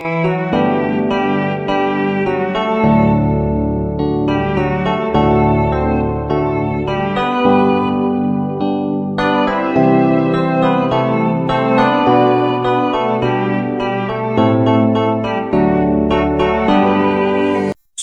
thank you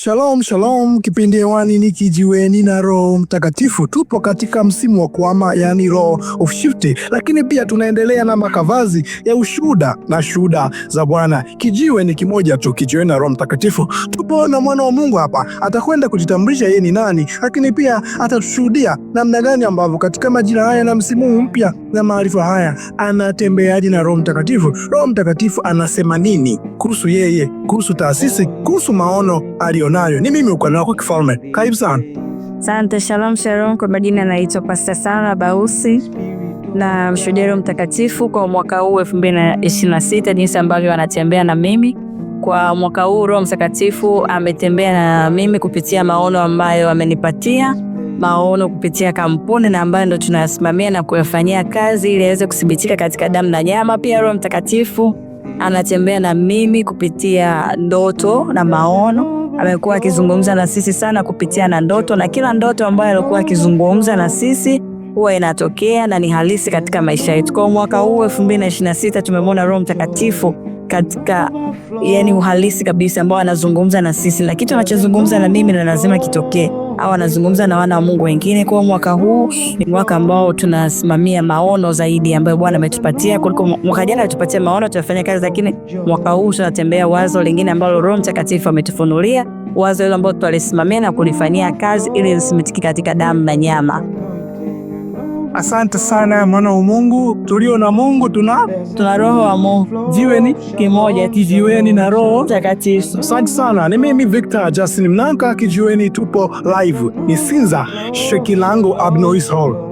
Shalom shalom, kipindi hewani ni kijiweni na Roho Mtakatifu. Tupo katika msimu wa kuama, yani Roho of Shifting, lakini pia tunaendelea na makavazi ya ushuhuda na shuhuda za Bwana. Kijiwe ni kimoja tu, kijiweni na Roho Mtakatifu. Tupo na mwana wa Mungu hapa, atakwenda kujitambulisha yeye ni nani, lakini pia atatushuhudia namna gani ambavyo katika majira haya na msimu mpya na maarifa haya anatembeaje na Roho Mtakatifu. Roho Mtakatifu anasema nini? kuhusu yeye, kuhusu taasisi, kuhusu maono aliyonayo. Ni mimi ukwana wako Kifalme. Karibu sana. Asante. Shalom shalom. Kwa majina anaitwa Pasta Sara Bausi na mshujaro mtakatifu kwa mwaka huu sita jinsi ambavyo anatembea na mimi kwa mwaka huu. Roho Mtakatifu ametembea na mimi kupitia maono ambayo amenipatia maono kupitia kampuni na ambayo ndo tunayasimamia na kuyafanyia kazi ili yaweze kuthibitika katika damu na nyama. Pia Roho Mtakatifu anatembea na mimi kupitia ndoto na maono. Amekuwa akizungumza na sisi sana kupitia na ndoto, na kila ndoto ambayo alikuwa akizungumza na sisi huwa inatokea na ni halisi katika maisha yetu. Kwa mwaka huu sita tumemwona Roho Mtakatifu katika yani uhalisi kabisa ambao anazungumza na sisi, na kitu anachozungumza na mimi na lazima kitokee au anazungumza na wana wa Mungu wengine. Kwa mwaka huu ni mwaka ambao tunasimamia maono zaidi ambayo Bwana ametupatia kuliko mwaka jana. Alitupatia maono tunafanya kazi, lakini mwaka huu tunatembea wazo lingine ambalo Roho Mtakatifu ametufunulia, wazo hilo ambalo tutalisimamia na kulifanyia kazi ili lisimitiki katika damu na nyama. Asante sana mwana wa Mungu, tulio na Mungu tuna tuna roho wa Mungu, jiweni kimoja, kijiweni na Roho Mtakatifu. Asante sana. Ni mimi Victor Justin Mnanka, kijiweni tupo live ni Sinza Shekilango Abnois Hall.